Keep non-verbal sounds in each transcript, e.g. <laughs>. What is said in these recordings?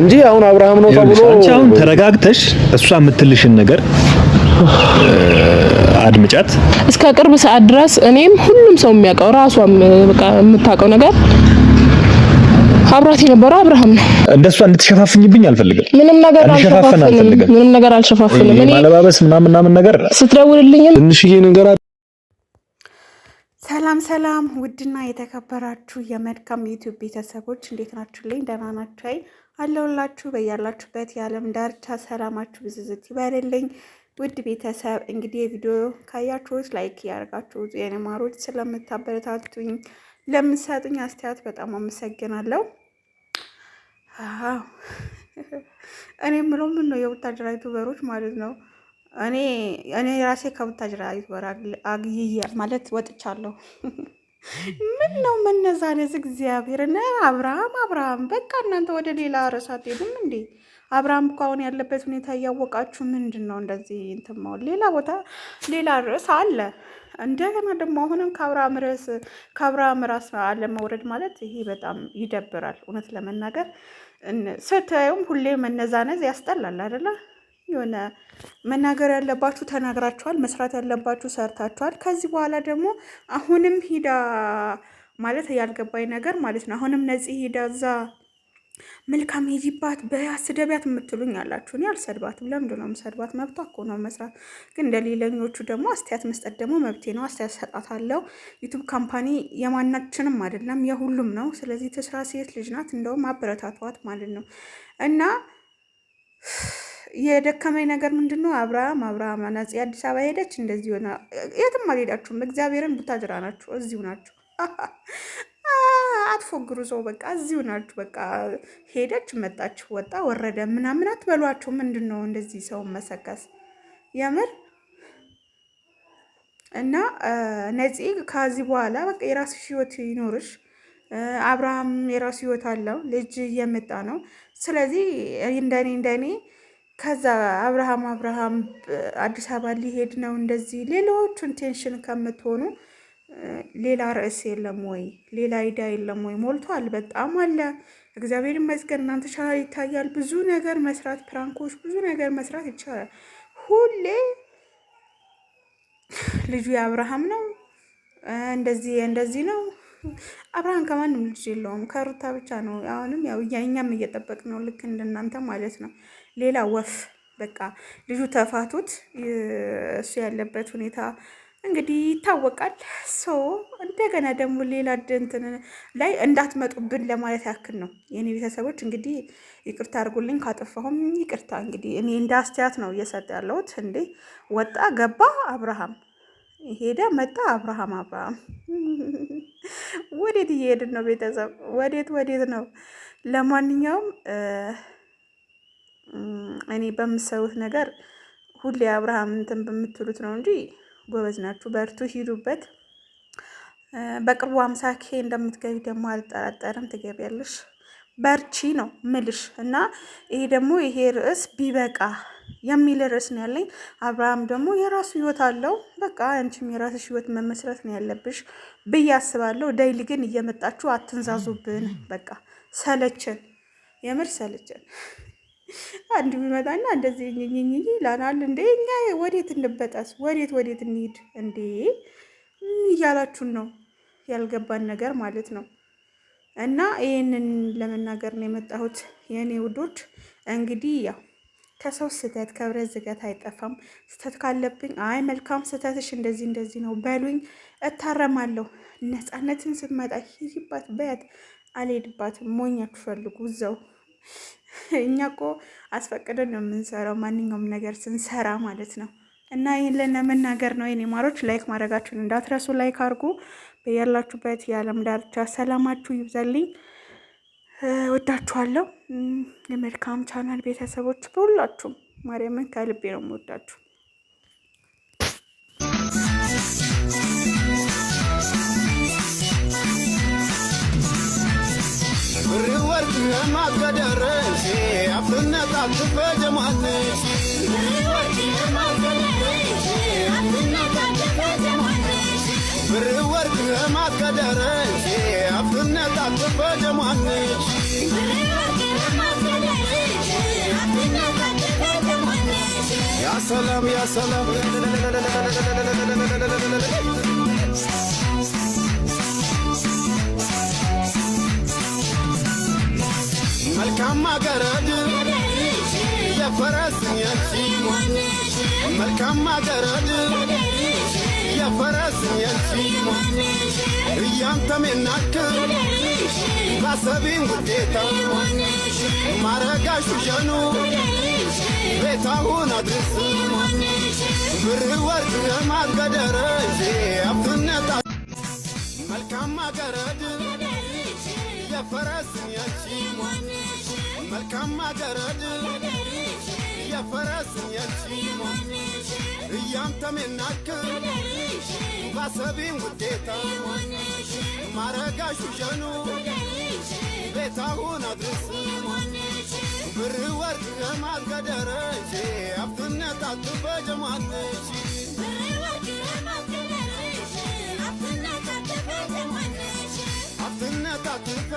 እንጂ አሁን አብርሃም ነው ተብሎ አሁን ተረጋግተሽ እሷ የምትልሽን ነገር አድምጫት። እስከ ቅርብ ሰዓት ድረስ እኔም ሁሉም ሰው የሚያውቀው ራሷም በቃ የምታውቀው ነገር አብራት የነበረው አብርሃም ነው። እንደሷ እንድትሸፋፍኝብኝ አልፈልግም። ምንም ነገር አልሸፋፍንም። ምንም ነገር አልሸፋፍንም። እኔ ማለባበስ ምናምን ምናምን ነገር ስትደውልልኝም ትንሽዬ ነገር ሰላም ሰላም፣ ውድና የተከበራችሁ የመድካም ዩቲዩብ ቤተሰቦች እንዴት ናችሁ? ልኝ ደህና ናችሁ? አይ አለውላችሁ በያላችሁበት የዓለም ዳርቻ ሰላማችሁ ብዝዝት ይበልልኝ። ውድ ቤተሰብ እንግዲህ የቪዲዮ ካያችሁት ላይክ ያደርጋችሁት የኔማሮች ስለምታበረታቱኝ ለምሰጡኝ አስተያየት በጣም አመሰግናለሁ። <laughs> እኔ ምሎ ምን ነው የቡታጅራ ዩቱበሮች ማለት ነው። እኔ እኔ ራሴ ከቡታጅራ ዩቱበር አግይያ ማለት ወጥቻለሁ። <laughs> ምን ነው መነዛነዝ? እግዚአብሔርን አብርሃም አብርሃም፣ በቃ እናንተ ወደ ሌላ ርዕስ አትሄዱም እንዴ? አብርሃም እኮ አሁን ያለበት ሁኔታ እያወቃችሁ ምንድን ነው እንደዚህ እንትን ሌላ ቦታ ሌላ ርዕስ አለ። እንደገና ደግሞ አሁንም ከአብርሃም ርዕስ ከአብርሃም ራስ አለመውረድ ማለት ይሄ በጣም ይደብራል። እውነት ለመናገር ስታዩም ሁሌ መነዛነዝ ያስጠላል አይደለ? የሆነ መናገር ያለባችሁ ተናግራችኋል፣ መስራት ያለባችሁ ሰርታችኋል። ከዚህ በኋላ ደግሞ አሁንም ሂዳ ማለት ያልገባኝ ነገር ማለት ነው። አሁንም ነፂ ሂዳ እዛ መልካም ሂጂባት በአስደቢያት የምትሉኝ አላችሁ። እኔ አልሰድባትም። ለምንድን ነው የምሰድባት? መብቷ እኮ ነው መስራት። ግን እንደ ሌለኞቹ ደግሞ አስተያየት መስጠት ደግሞ መብቴ ነው። አስተያየት ሰጣታለሁ። ዩቱብ ካምፓኒ የማናችንም አይደለም የሁሉም ነው። ስለዚህ ትስራ። ሴት ልጅ ናት። እንደውም አበረታቷት ማለት ነው እና የደከመኝ ነገር ምንድን ነው? አብርሃም አብርሃም አናጺ አዲስ አበባ ሄደች፣ እንደዚህ ሆነ። የትም አልሄዳችሁም። እግዚአብሔርን ቡታጅራ ናችሁ፣ እዚሁ ናችሁ። አትፎግሩ ሰው በቃ እዚሁ ናችሁ። በቃ ሄደች፣ መጣች፣ ወጣ፣ ወረደ ምናምን አትበሏቸው። ምንድን ነው እንደዚህ ሰው መሰከስ የምር እና ነፂ ከዚህ በኋላ በቃ የራስሽ ህይወት ይኖርሽ። አብርሃም የራሱ ህይወት አለው፣ ልጅ እየመጣ ነው። ስለዚህ እንደኔ እንደኔ ከዛ አብርሃም አብርሃም አዲስ አበባ ሊሄድ ነው እንደዚህ ሌላዎቹን ቴንሽን ከምትሆኑ ሌላ ርዕስ የለም ወይ? ሌላ አይዳ የለም ወይ? ሞልቷል፣ በጣም አለ። እግዚአብሔር ይመስገን። እናንተ ቻናል ይታያል። ብዙ ነገር መስራት፣ ፕራንኮች፣ ብዙ ነገር መስራት ይቻላል። ሁሌ ልጁ የአብርሃም ነው እንደዚህ እንደዚህ ነው አብርሃም ከማንም ልጅ የለውም ከሩታ ብቻ ነው። አሁንም ያው እኛም እየጠበቅ ነው፣ ልክ እንደናንተ ማለት ነው። ሌላ ወፍ በቃ ልጁ ተፋቱት። እሱ ያለበት ሁኔታ እንግዲህ ይታወቃል። ሰው እንደገና ደግሞ ሌላ እንትን ላይ እንዳትመጡብን ለማለት ያክል ነው። የኔ ቤተሰቦች እንግዲህ ይቅርታ አድርጉልኝ ካጠፋሁም ይቅርታ። እንግዲህ እኔ እንደ አስተያየት ነው እየሰጠ ያለሁት። እንዴ ወጣ ገባ አብርሃም ሄደ መጣ አብርሃም አብርሃም ወዴት እየሄድን ነው? ቤተሰብ ወዴት ወዴት ነው? ለማንኛውም እኔ በምሰሩት ነገር ሁሌ አብርሃም እንትን በምትሉት ነው እንጂ ጎበዝ ናችሁ፣ በርቱ፣ ሂዱበት። በቅርቡ አምሳ ኬ እንደምትገቢ ደግሞ አልጠራጠርም፣ ትገቢያለሽ። በርቺ ነው ምልሽ እና ይሄ ደግሞ ይሄ ርዕስ ቢበቃ የሚል ርዕስ ነው ያለኝ። አብርሃም ደግሞ የራሱ ህይወት አለው። በቃ አንቺም የራስሽ ህይወት መመስረት ነው ያለብሽ ብዬ አስባለሁ። ዴይሊ ግን እየመጣችሁ አትንዛዙብን። በቃ ሰለችን፣ የምር ሰለችን። አንድ ቢመጣና እንደዚህ ኝኝኝ ይላናል እንዴ! እኛ ወዴት እንበጠስ? ወዴት ወዴት እንሂድ እንዴ እያላችሁን ነው ያልገባን ነገር ማለት ነው። እና ይህንን ለመናገር ነው የመጣሁት የእኔ ውዶች እንግዲህ ያው ከሰው ስህተት ከብረት ዝገት አይጠፋም። ስህተት ካለብኝ አይ መልካም ስህተትሽ እንደዚህ እንደዚህ ነው በሉኝ፣ እታረማለሁ። ነፃነትን ስመጣ ሂጂባት በያት፣ አልሄድባትም። ሞኛችሁ ፈልጉ እዛው። እኛ እኮ አስፈቅደን ነው የምንሰራው ማንኛውም ነገር ስንሰራ ማለት ነው። እና ይህን ለመናገር ነው የኔ ማሮች። ላይክ ማድረጋችሁን እንዳትረሱ፣ ላይክ አድርጉ። በያላችሁበት የዓለም ዳርቻ ሰላማችሁ ይብዛልኝ። ወዳችኋለሁ። የመልካም ቻናል ቤተሰቦች በሁላችሁም ማርያምን ከልቤ ነው የምወዳችሁ። ብር ወርቅ ማትከደረሽ አፍነት አትፈጀሟንሽ ያሰላም ያሰላም መልካም ማገረድ የፈረስኘች መልካም ማገረድ የፈረስኘች አንተም የናክር ማሰቢን ውዴታ ማረጋሽ ውሸኑ ቤታሁን አድርስ ብር ወርቅ የማገደረ አብትነት መልካም ማገረድ የፈረስን ያቺ መልካም ማገረድ ፈረስየች እያምተም የናክር ባሰቢን ውዴታ ማረጋሹ ሸኑ ቤታሁን አድርስ ብር ወርቅ የማትገደረች አፍትነት አትበጅ ማንች አፍትነት አትበጅ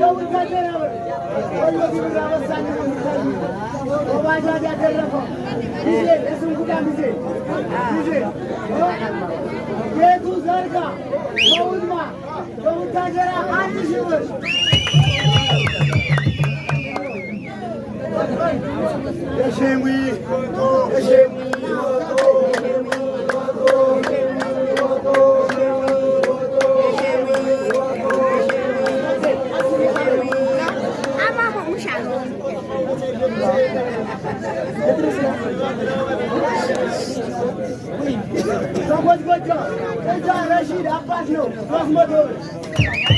የወታደር ወሎ ግብር አበሳኝ በባጃጅ ያደረፈው ጊዜ የስንጉዳ ጊዜ ጊዜ ቤቱ ዘርጋ በውልማ በወታደራ አንድ ሺህ ብር የሸዊ የሸዊ Então, vou te botar. Vou te girar, faz não. Próximo dois.